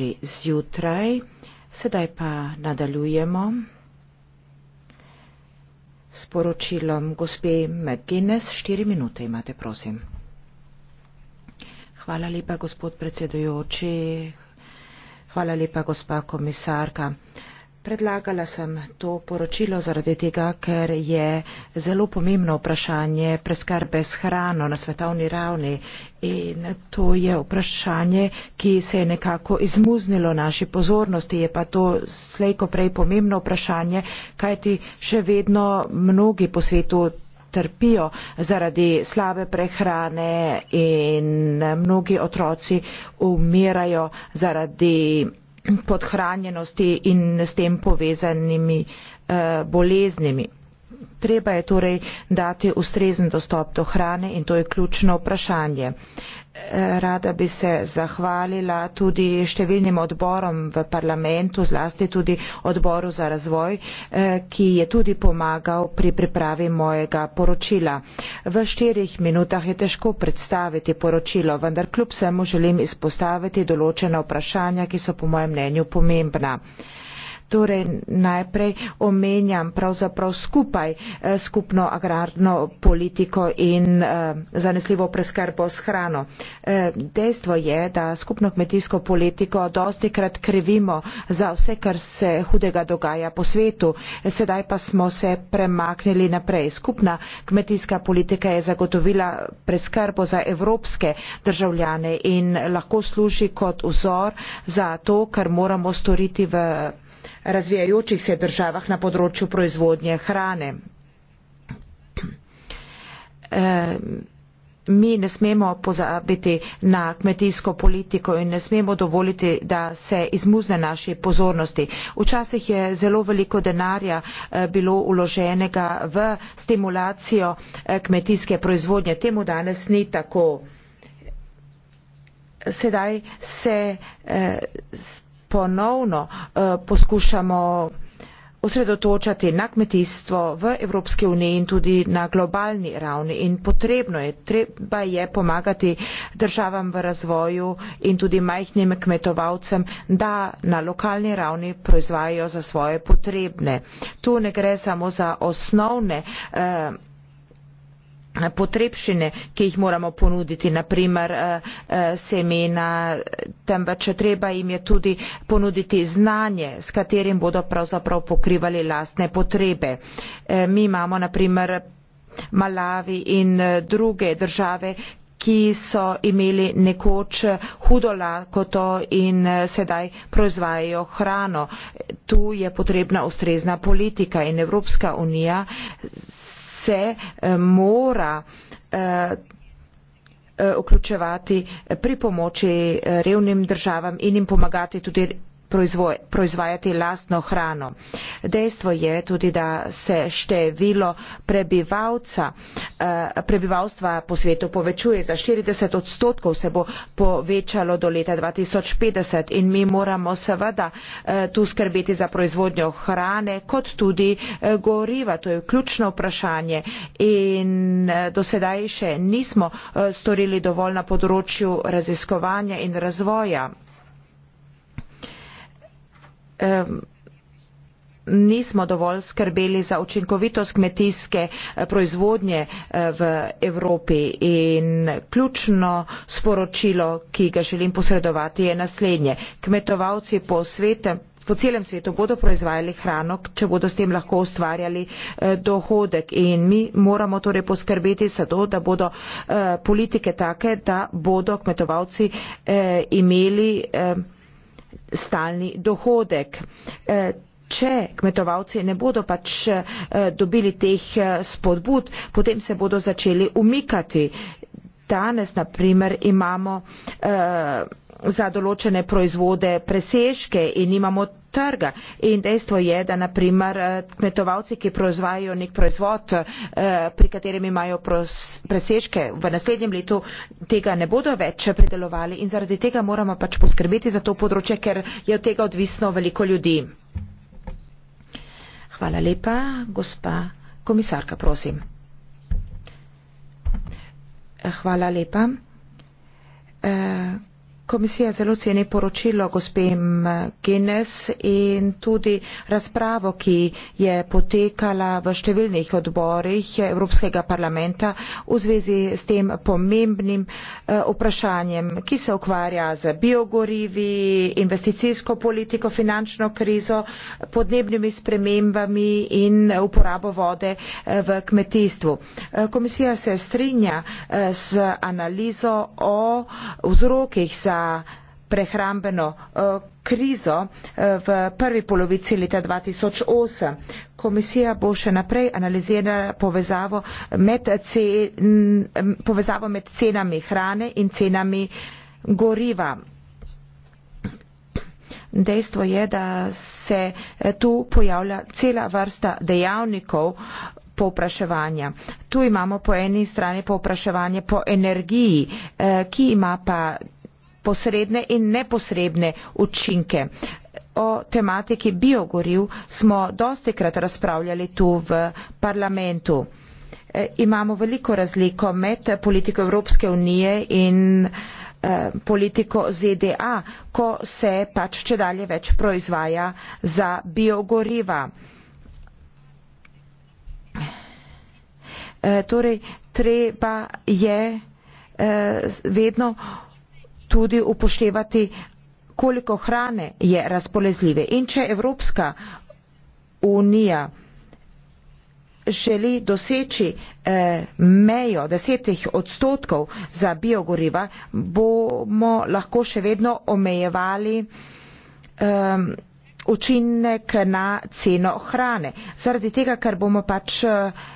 jutri zjutraj. Sedaj pa nadaljujemo s poročilom gospe McGuinness. Štiri minute imate, prosim. Hvala lepa, gospod predsedujoči. Hvala lepa, gospa komisarka. Predlagala sem to poročilo zaradi tega, ker je zelo pomembno vprašanje preskrbe s hrano na svetovni ravni in to je vprašanje, ki se je nekako izmuznilo naši pozornosti, je pa to slejko prej pomembno vprašanje, kajti še vedno mnogi po svetu trpijo zaradi slabe prehrane in mnogi otroci umirajo zaradi podhranjenosti in s tem povezanimi eh, boleznimi treba je torej dati ustrezen dostop do hrane in to je ključno vprašanje. Eh, rada bi se zahvalila tudi številnim odborom v parlamentu, zlasti tudi odboru za razvoj, eh, ki je tudi pomagal pri pripravi mojega poročila. V štirih minutah je težko predstaviti poročilo, vendar kljub vsemu želim izpostaviti določena vprašanja, ki so po mojem mnenju pomembna. Torej najprej omenjam pravzaprav skupaj eh, skupno agrarno politiko in eh, zanesljivo preskrbo s hrano. Eh, dejstvo je, da skupno kmetijsko politiko dosti krat krivimo za vse, kar se hudega dogaja po svetu. Sedaj pa smo se premaknili naprej. Skupna kmetijska politika je zagotovila preskrbo za evropske državljane in lahko služi kot vzor za to, kar moramo storiti v razvijajočih se državah na področju proizvodnje hrane. E, mi ne smemo pozabiti na kmetijsko politiko in ne smemo dovoliti, da se izmuzne naši pozornosti. Včasih je zelo veliko denarja eh, bilo uloženega v stimulacijo eh, kmetijske proizvodnje. Temu danes ni tako. Sedaj se eh, ponovno eh, poskušamo osredotočati na kmetijstvo v Evropski uniji in tudi na globalni ravni. In potrebno je, treba je pomagati državam v razvoju in tudi majhnim kmetovalcem, da na lokalni ravni proizvajajo za svoje potrebne. Tu ne gre samo za osnovne eh, potrebščine ki jih moramo ponuditi naprimer eh, eh, semena temveč treba jim je tudi ponuditi znanje s katerim bodo pravzaprav pokrivali lastne potrebe. Eh, mi imamo naprimer Malavi in druge države ki so imeli nekoč hudo lakoto in sedaj proizvajajo hrano. Tu je potrebna ustrezna politika in Evropska unija se eh, mora eh, eh, vključevati pri pomoči revnim državam in jim pomagati tudi proizvajati lastno hrano. Dejstvo je tudi, da se število prebivalca, eh, prebivalstva po svetu povečuje. Za 40 odstotkov se bo povečalo do leta 2050 in mi moramo seveda eh, tu skrbeti za proizvodnjo hrane kot tudi eh, goriva. To je ključno vprašanje in do sedaj še nismo storili dovolj na področju raziskovanja in razvoja nismo dovolj skrbeli za učinkovitost kmetijske eh, proizvodnje eh, v Evropi. In ključno sporočilo, ki ga želim posredovati, je naslednje. Kmetovalci po, svete, po celem svetu bodo proizvajali hrano, če bodo s tem lahko ustvarjali eh, dohodek. In mi moramo torej poskrbeti za to, da bodo politike take, da bodo kmetovalci imeli stalni dohodek. E, če kmetovalci ne bodo pač e, dobili teh e, spodbud, potem se bodo začeli umikati. Danes, na primer, imamo za določene proizvode presežke in nimamo trga. In dejstvo je, da naprimer eh, kmetovalci, ki proizvajajo nek proizvod, eh, pri katerem imajo presežke, v naslednjem letu tega ne bodo več predelovali in zaradi tega moramo pač poskrbeti za to področje, ker je od tega odvisno veliko ljudi. Hvala lepa, gospa komisarka, prosim. Eh, hvala lepa. Komisija zelo ceni poročilo gospem Guinness in tudi razpravo, ki je potekala v številnih odborih Evropskega parlamenta v zvezi s tem pomembnim eh, vprašanjem, ki se ukvarja z biogorivi, investicijsko politiko, finančno krizo, podnebnimi spremembami in uporabo vode eh, v kmetijstvu. Eh, komisija se strinja z analizo o vzrokih za prehrambeno eh, krizo eh, v prvi polovici leta 2008. Komisija bo še naprej analizirala povezavo med, cen, povezavo med cenami hrane in cenami goriva. Dejstvo je, da se eh, tu pojavlja cela vrsta dejavnikov povpraševanja. Tu imamo po eni strani povpraševanje po energiji, ki ima pa posredne in neposredne učinke. O tematiki biogoriv smo dosti krat razpravljali tu v parlamentu. E, imamo veliko razliko med politiko Evropske unije in e, politiko ZDA, ko se pač če dalje več proizvaja za biogoriva. E, torej, treba je vedno tudi upoštevati, koliko hrane je razpolezljive. In če Evropska unija želi doseči eh, mejo desetih odstotkov za biogoriva, bomo lahko še vedno omejevali eh, učinek na ceno hrane. Zaradi tega, ker bomo pač eh,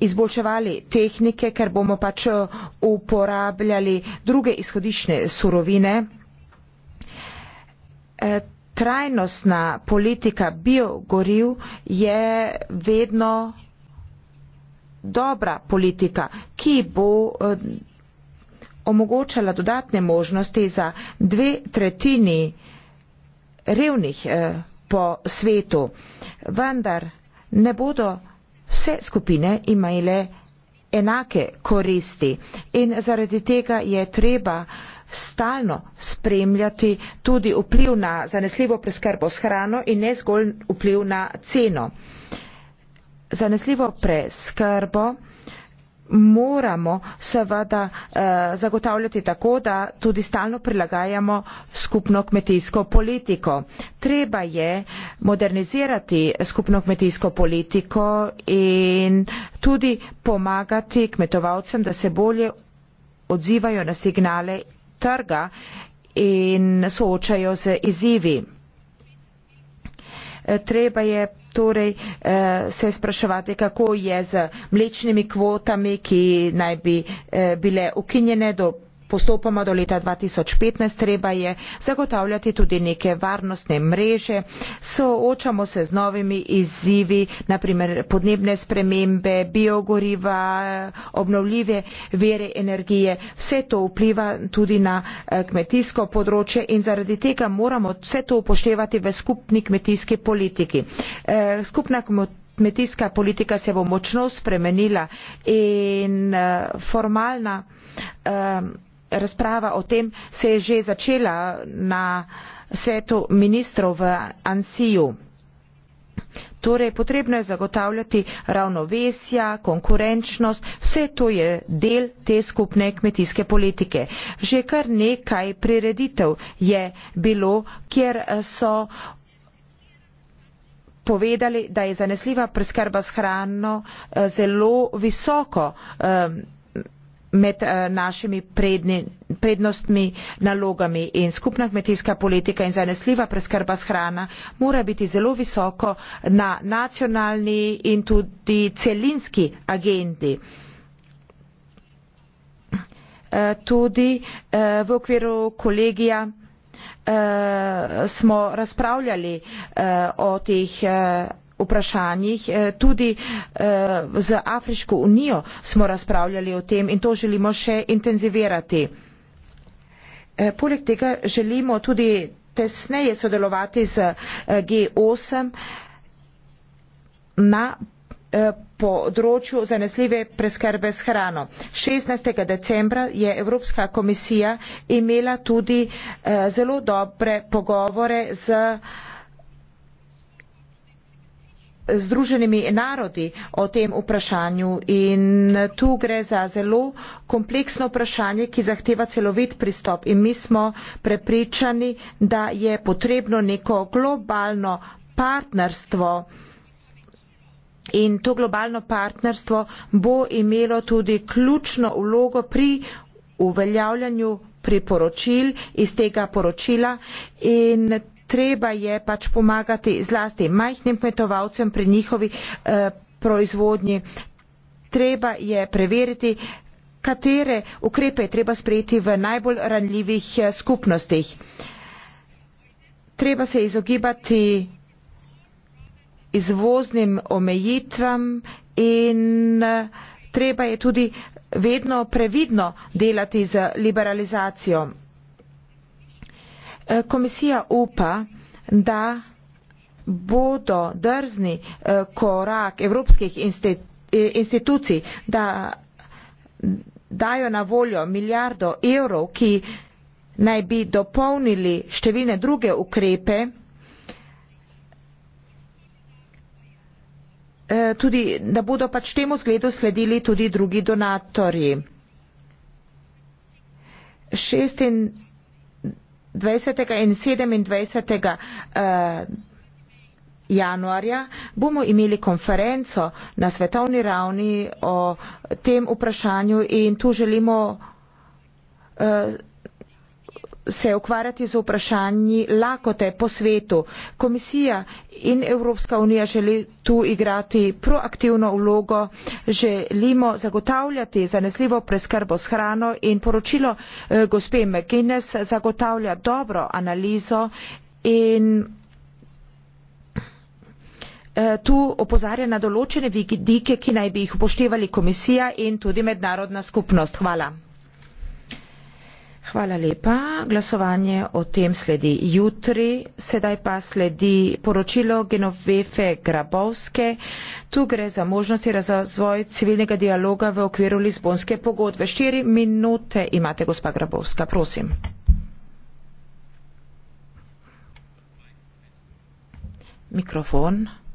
izboljševali tehnike, ker bomo pač eh, uporabljali druge izhodišne surovine. Eh, trajnostna politika biogoriv je vedno dobra politika, ki bo eh, omogočala dodatne možnosti za dve tretjini revnih po svetu. Vendar ne bodo vse skupine imele enake koristi in zaradi tega je treba stalno spremljati tudi vpliv na zanesljivo preskrbo s hrano in ne zgolj vpliv na ceno. Zanesljivo preskrbo moramo seveda eh, zagotavljati tako, da tudi stalno prilagajamo skupno kmetijsko politiko. Treba je modernizirati skupno kmetijsko politiko in tudi pomagati kmetovalcem, da se bolje odzivajo na signale trga in soočajo se izzivi treba je torej eh, se spraševati, kako je z mlečnimi kvotami, ki naj bi eh, bile ukinjene do postopoma do leta dva tisoč petnajst treba je zagotavljati tudi neke varnostne mreže soočamo se z novimi izzivi na primer podnebne spremembe biogoriva obnovljive vere energije vse to vpliva tudi na eh, kmetijsko področje in zaradi tega moramo vse to upoštevati v skupni kmetijski politiki eh, skupna kmetijska politika se bo močno spremenila in eh, formalna razprava o tem se je že začela na svetu ministrov v Ansiju. Torej, potrebno je zagotavljati ravnovesja, konkurenčnost, vse to je del te skupne kmetijske politike. Že kar nekaj prireditev je bilo, kjer eh, so povedali, da je zanesljiva preskrba s hrano eh, zelo visoko um, med eh, našimi predni, prednostmi nalogami in skupna kmetijska politika in zanesljiva preskrba s hrana mora biti zelo visoko na nacionalni in tudi celinski agendi. Eh, tudi eh, v okviru kolegija smo razpravljali o teh vprašanjih eh, tudi eh, z afriško unijo smo razpravljali o tem in to želimo še intenzivirati. Eh, poleg tega želimo tudi tesneje sodelovati z G8 na področju zanesljive preskrbe s hrano. 16. decembra je Evropska komisija imela tudi zelo dobre pogovore z združenimi narodi o tem vprašanju in tu gre za zelo kompleksno vprašanje ki zahteva celovit pristop in mi smo prepričani da je potrebno neko globalno partnerstvo in to globalno partnerstvo bo imelo tudi ključno vlogo pri uveljavljanju priporočil iz tega poročila in treba je pač pomagati zlasti majhnim kmetovalcem pri njihovi eh, proizvodnji. Treba je preveriti, katere ukrepe je treba sprejeti v najbolj ranljivih eh, skupnostih. Treba se izogibati izvoznim omejitvam in eh, treba je tudi vedno previdno delati z liberalizacijo. Eh, komisija upa, da bodo drzni eh, korak evropskih institucij, da dajo na voljo milijardo evrov, ki naj bi dopolnili številne druge ukrepe, eh, tudi, da bodo pač temu zgledu sledili tudi drugi donatorji. 20. in 27. Eh, januarja bomo imeli konferenco na svetovni ravni o tem vprašanju in tu želimo eh, se ukvarjati z vprašanji lakote po svetu. Komisija in Evropska unija želi tu igrati proaktivno vlogo, želimo zagotavljati zanesljivo preskrbo s hrano in poročilo eh, gospe McGuinness zagotavlja dobro analizo in eh, Tu opozarja na določene vidike, ki naj bi jih upoštevali komisija in tudi mednarodna skupnost. Hvala. Hvala lepa. Glasovanje o tem sledi jutri. Sedaj pa sledi poročilo Genovefe Grabovske. Tu gre za možnosti razvoj civilnega dialoga v okviru Lizbonske pogodbe. Štiri minute imate, gospa Grabovska. Prosim. Mikrofon.